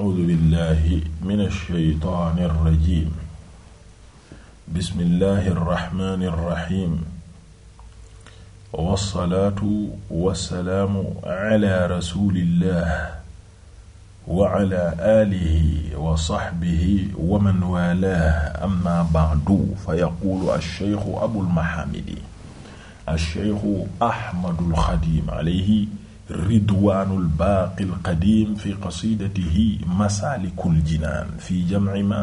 audu billahi min alsheytaani alrajim bismillahi alraxmani alraxim walsalaatu walsalaamu ala rasulillah wa ala alihi wa saxbihi wa man waalaah amma ba'du fa yaquulu alsheykhu abulmahamidi alsheykhu ahmadul xadim alayhi ridwaanul baaqil qadiim fi qasiidatihi masaalikul jinaan fi jamci maa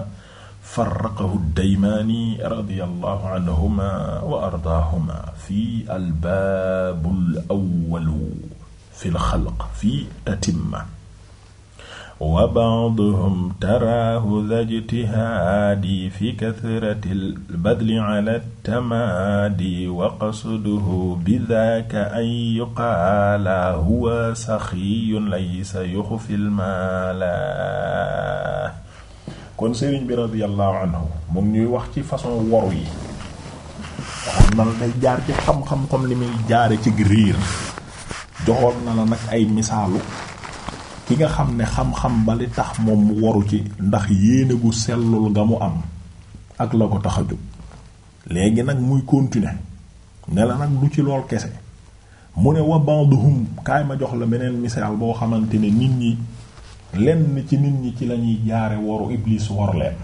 farraqahu daymaani radiyallahu anhumaa wa ardaahumaa fi albaabul awwal fi lxalq fi tatimma wa ba'duhum taraahu dha ijtihaadi fi kathrati al-badli ala at-tamaadi wa qasduhu bidhaaka an yuqaala huwa saxiyyun laysa yuxfi al-maala kon sëriñ bi radiyallahu anhu mu ngi ñuy wax ci façon woru yi waxoon na la day jaar ci xam-xam comme li muy jaare ci riir joxoon na la nag ay misaalu ki nga xam ne xam-xam ba tax moom mu waru ci ndax yéene gu sellul nga mu am ak la ko tax a jóg léegi nag muy continuer ne la nag du ci lool kese mu ne wa ba'dhum kaay ma jox la meneen misaal boo xamante ne nit ñi lenn ci nit ñi ci lañuy jaare waru iblis war leen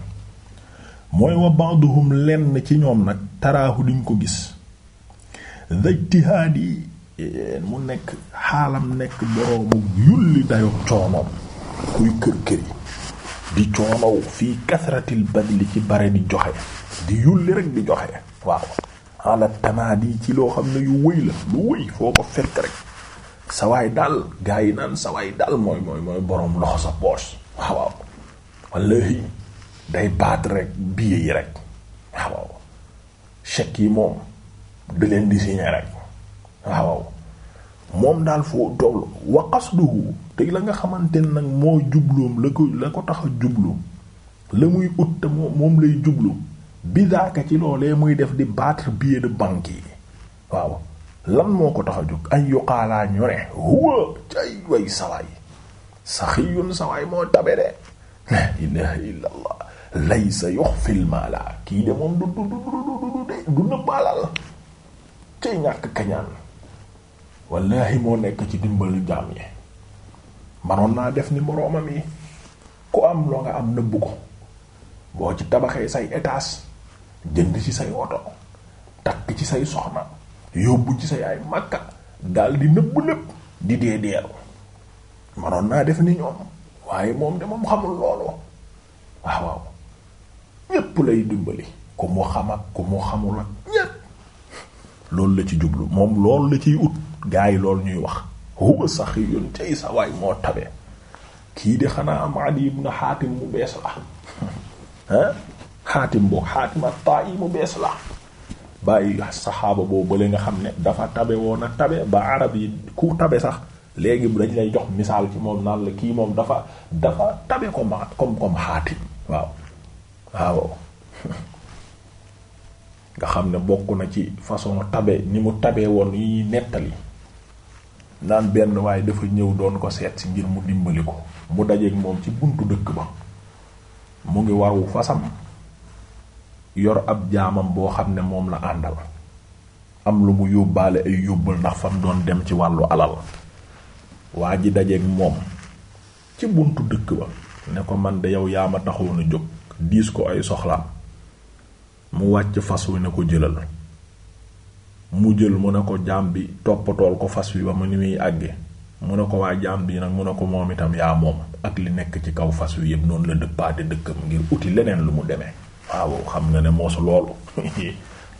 mooy wa ba'dhum lenn ci ñoom nag taraahu duñ ko gis ijtihaadi mu nekk xaalam nekk boroomu yulli dayo coonoom kuy kër kër di coonow fii kasratil badli ci bare di joxe di yulli rek di joxe waaw ala tamaadi ci loo xam ne yu wëy la lu wëy foo ko fekk rek sawaay daal gaa yi naan sawaay daal mooy mooy mooy boroom loxo sa poche waaw waaw wallahi day baat rek billet yi rek waaw chèque yi moom da leen di signer rek waaw moom daal foo toll wa qasduhu teg la nga xamante ne nag moo jubloom la ko la ko tax a jublu la muy ut te moom lay jublu bidaaka ci loolee muy def di battre billet de banque yi waaw lan moo ko tax a jóg ay yuqaalaa ñu ne huwa cay way sawaay saxiyun sawaay moo tabe de la ilaha illa allah laysa yuxfil kii de moom du du du du du du nëbb alal cay ñàkk kañaan wallahi moo nekk ci dimbalu jaam yi manoon naa def ni moroomam yi ku am loo nga am nëbb ko boo ci tabaxee say etaas jënd ci say oto takk ci say soxna yóbbu ci say ay makka dal di nëbb lépp di dee deeru manoon naa def ni ñoom waaye moom de xamul loolu waaw ñépp lay dimbali ku mu xam ak ku mu xamul ak ñépp loolu la ci jublu moom loolu la ciy ut gaa yi loolu ñuy wax huwa saxiyun tey sa waay moo tabe kii de xanaa am Adi ibn Xaatim mu bees la ah Xaatim Xaatim at-Taa'i mu bees la bàyyi saxaaba boobu bale nga xam ne dafa tabe woon a tabe ba arab yi ku tabe sax léegi dañ lay jox misaal ci moom naan la kii moom dafa dafa tabe comme comme comme Xaatim waaw waaw nga xam ne bokk na ci façon tabe ni mu tabe woon yi nettali naan benn waaye dafa ñëw doon ko seet si ngir mu dimbali ko mu dajeeg moom ci buntu dëkk ba mu ngi waru fasam yor ab jaamam boo xam ne moom la àndal am lu mu yóbbaale ay yóbbal ndax fam doon dem ci wàllu alal waa ji dajeeg moom ci buntu dëkk ba ne ko man de yow yaa ma taxoon a jóg diis ko ay soxlaam mu wàcc fas wu ne ko jëlal mu jël mu ne ko jaam bi toppatool ko fas wi ba mu ni muy àgge mu ne ko waa jaam bi nag mu ne ko moom itam yaa moom ak li nekk ci kaw fas wi yëpp noonu la dëppaate dëkkam ngir uti leneen lu mu demee waaw xam nga ne moosu loolu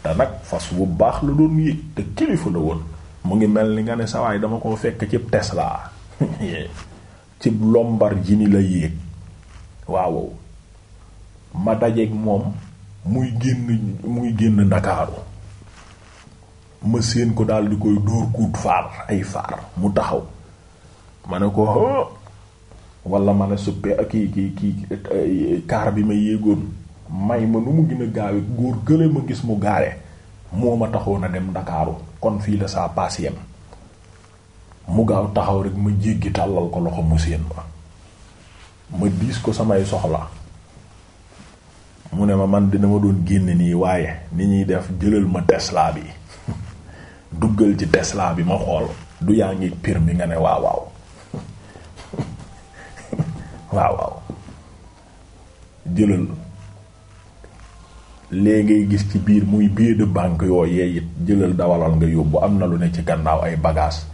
te nag fas bu baax la doon yéeg te kilifa la woon mu ngi mel ni nga ne sawaay dama koo fekk cib Tesla ci Lamborghini la yéeg waaw ma dajeeg moom muy génn muy génn Ndakaaru ma séen ko daal di koy dóor kuut faar ay faar mu taxaw ma ne ko ah wala ma ne suppe ak ah, kii kii kaar bi ma yéegoon may ma nu mu gën a gaawe góor gële ma gis mu gaare moo ma taxoon a dem ndakaaru kon fii la saa paas mu gaaw taxaw rek ma jéggi tàllal ko loxo mu séen ma ma diis ko samay soxla mu ne ma man dina ma doon génn nii waaye ni ñuy def jëlal ma Tesla bi duggal ci Tesla bi ma xool du yaa ngi permis nga ne waaw waaw waaw waaw jëlal léegi ngay gis ci biir muy billet de banque yooyee it jëlal dawalal nga yóbbu am na lu ne ci gannaaw ay bagages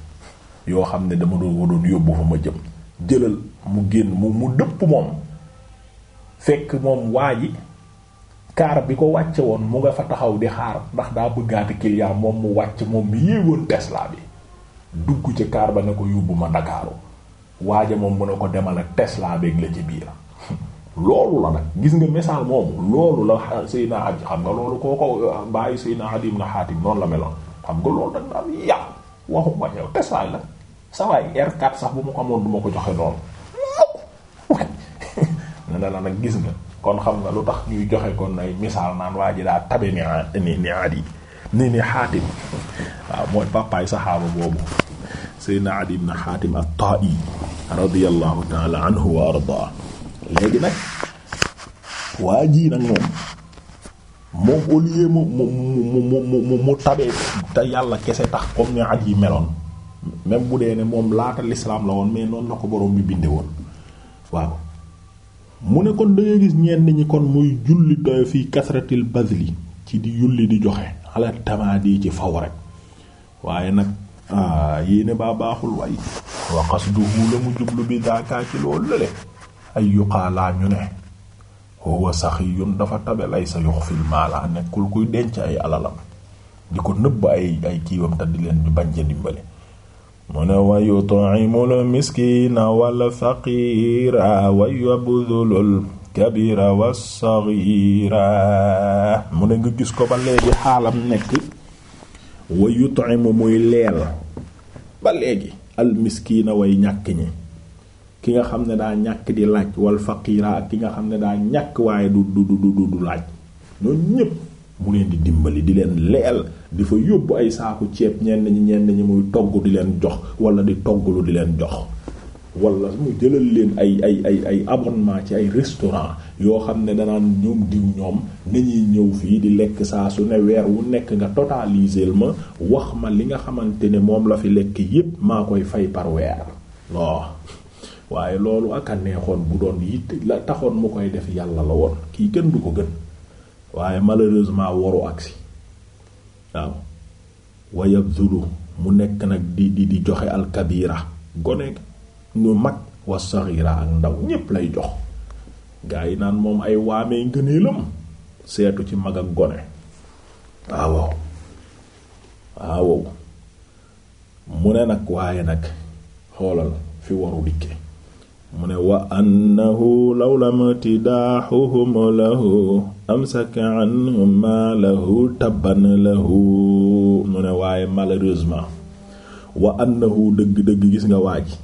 yoo xam ne dama doon waroon yóbbu fa ma jëm jëlal mu génn mu mu dëpp moom fekk moom waa kaar bi ko wàcce woon mu nga fa taxaw di xaar ndax daa bëggaati client moom mu wàcc moom mi yéegoon Tesla bi dugg ci kaar ba ne ko yóbbu ma Ndakaaru waaja moom mu ne ko demal ak Tesla beeg la ci biir loolu la nag gis nga message moomu loolu la Seydina Adi xam nga loolu koo ko uh, bàyyi Seydina Adi ibn Hatim noonu la meloon xam nga loolu dañ daal yàq waxu ma yow Tesla la sa waay sax bu ma ko amoon du ko joxe noonu ne na la nag gis nga kon xam na lu tax ñuy joxe kon ay misaal naan waa ji daa tabe ni ni ni adi ni ni xaatim waaw mooy papaay saxaaba boobu seydna adi ibn xaatim at-ta'i radiyallahu taala anhu wa arda léegi nag waa ji nag moom moom au lieu mu mu mu mu mu tabee te yàlla kese tax comme ni at yi meloon même bu dee ne moom laata l'islam la woon mais noonu la ko borom bi binde woon waaw mu ne ko da ngay gis ñenn ñi kon muy julli doy fii kasratil bazli ci di julli di joxe ala tamaadi ci faw rek waaye nag a ah, baa baaxul way wa qasduhu jublu bi daakaa ci loolu lale ay yuqaalaa ñu ne huwa saxiyun dafa tabe laysa yuxfil maala nekkul kuy denc ay alalam di ko nëbb ay ay kiiwam te di leen ñu bañ ca dimbali mu ne wa yut'imul miskiina wal faqiira wa yabdhulul kabira was-saghira mu ne nga gis ko ba léegi xaalam nekk wa yut'imu muy leel ba léegi al miskiina way ñàkk ñi ki nga xam ne daa ñàkk di laaj wal faqiira ak ki nga xam ne daa ñàkk waaye du du du du laaj ñooñu ñépp mu leen di dimbali di leen leel di fa yóbbu ay saaku ceeb ñenn ñi ñenn ñi muy togg di leen jox wala di togglu di leen jox wala mu jëlal leen ay ay ay ay abonnement ci ay restaurant yoo xam ne danaan ñoom diw ñoom nañuy ñëw fii di lekk saa su ne weer wu nekk nga totaliser ma wax ma li nga xamante ne moom la fi lekk yépp maa koy fay par weer waaw waaye loolu ak a neexoon bu doon it la taxoon mu koy def yàlla la woon kii gën du ko gën waaye malheureusement waru agsi waaw wayab mu nekk nag di di di joxe alkabira gone ñu mag wa saxira ak ndaw ñépp lay jox gaa yi naan moom ay waamee ngëneelam seetu ci mag ak gone waaw waaw mu ne nag waaye nag xoolal fi waru dikke mu ne waa annahu law lam tidaaxuhum sa amsaka anhum ma lahu tabban mu ne waaye malheureusement wa annahu dëgg-dëgg gis nga waa ji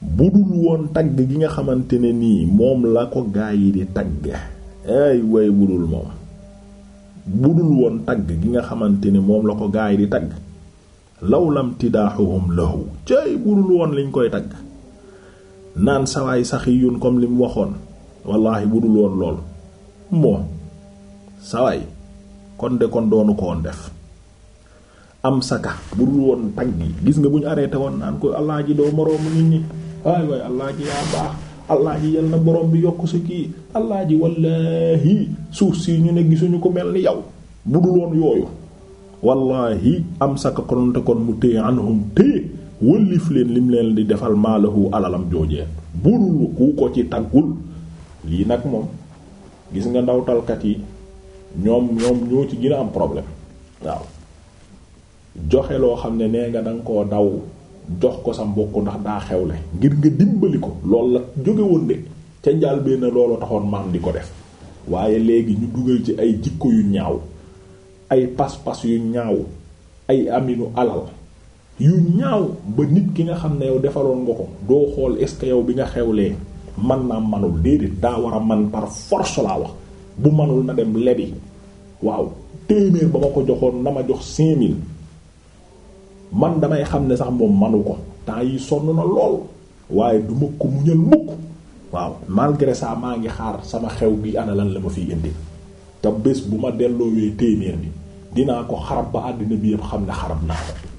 bu dul woon tagg gi nga xamante ne nii moom la ko gaa yi di tagg ay way bu dul bu dul woon tagg gi nga xamante ne moom la ko gaa yi di tagg lawlam tidaaxuhum lahu koy tagg naan sawaay saxi yun comme li mu waxoon wallaahi bu dul woon lool moo sawaay kon de kon doonu ko def am saka bu dul woon tagg yi gis nga bu ñu arrêté woon naan ko allah ji doo moroomu nit ñi waay waay allah yaa baax allah yal na borom bi yokk sa kii allah ji wallaahi suuf si ñu ne gisuñu ko mel ni yow bu dul woon yooyu wallaahi am saka kononte kon mu téye anhum téye wëllif leen lim leen di defal maalahu alalam joojee burul ku ko ci taggul lii nag moom gis nga talkat yi ñoom ñoom ñoo ci gën a am problème waaw joxe loo xam ne nee nga danga ko daw jox ko sa mbokk ndax daa xewle ngir nga dimbali ko lool la jóge de ca njaal na loolu taxoon maam di ko def waaye léegi ñu dugal ci ay jikko yu ñaaw ay pas-pas yu ñaaw ay aminu alal yu ñaaw ba nit ki nga xam ne yow defaloon nga ko doo xool est ce que yow bi nga xewlee man naa manul déedéet daa war a man par force laa wax bu manul na dem lebi waaw téeméer ba ma ko joxoon na ma jox cinq man damay xam ne sax moom manu ko temps yi sonn na lool waaye du ma ko muñal mukk waaw malgré saa maa ngi xaar sama xew bi ana lan la ma fiy indi te bés bu ma delloo delloowee téeméer bi dinaa ko xarab ba àddina bi yëpp xam ne xarab naa ko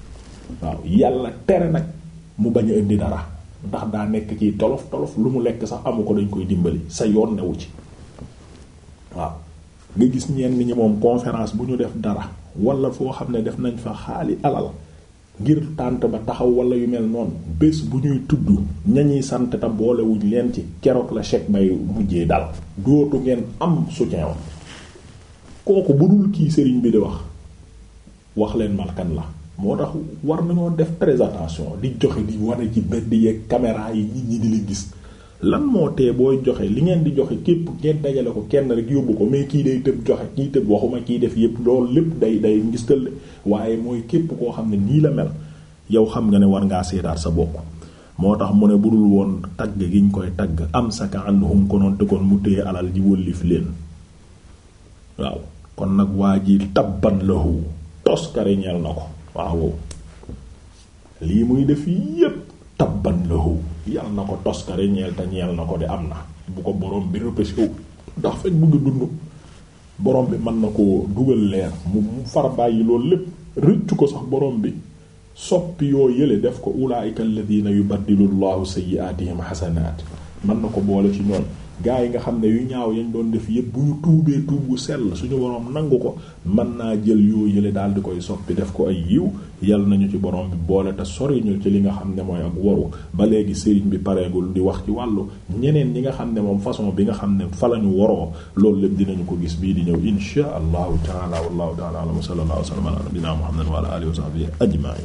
waaw yàlla tere nag mu bañ a indi dara ndax daa nekk ci tolof tolof lu mu lekk sax amu ko dañ koy dimbali sa yoon newu ci waaw nga gis ñenn ñi moom conférence bu ñu def dara wala foo xam ne def nañ fa xaali alal ngir tànt ba taxaw wala yu mel noonu bés bu ñuy tudd ñañuy sant te boolewuñ leen ci keroog la chèque bay mujjee dal dootu ngeen am soutien kooku bu dul kii sëriñ bi di wax wax leen malkan la moo tax war nañoo def présentation di joxe di wane ci mbedd yeeg caméra yi nit ñi di la gis lan moo tee booy joxe li ngeen di joxe képp ngeen dajale ko kenn rek yóbbu ko mais kii day tëb joxe kii tëb waxuma kii def yépp loolu lépp day day ngistal waaye mooy képp koo xam ne nii la mel yow xam nga ne war ngaa seetaat sa bokk moo tax mu ne bu dul woon tagg gi ñu koy tagg am saka ànduhum konoon te kon mu téye alal ji wëllif leen waaw kon nag waa ji tabban lahu toskare ñeel na waaw lii muy def yépp tabban lahu yal na ko toskare ñeel te ñeel na ko de am na bu ko borom bi repêché wu ndax fekk mu dund borom bi mën na koo dugal leer mu far bàyyi loolu lépp rëccu ko sax borom bi soppi yoo yële def ko ulaa'ika alladhina yubaddilu llahu sayyi'atihim hasanaat mën na ko boole ci ñoom gaa yi nga xam ne yu ñaaw yañ doon def yëpp bu ñu tuubee tuub gu sell suñu borom nangu ko mën naa jël yoo yële daal di koy soppi def ko ay yiw yal nañu ci borom bi boole te sori ñu ci li nga xam ne mooy ak waru ba léegi sëriñ bi pareegul di wax ci wàllu ñeneen ñi nga xam ne moom façon bi nga xam ne fa lañu waroo loolu lépp dinañu ko gis bii di ñëw insha allahu taala wallahu taala alam wa sallallahu wa sallam ala nabina muhammadin wa ala alihi wa sahbihi ajma'in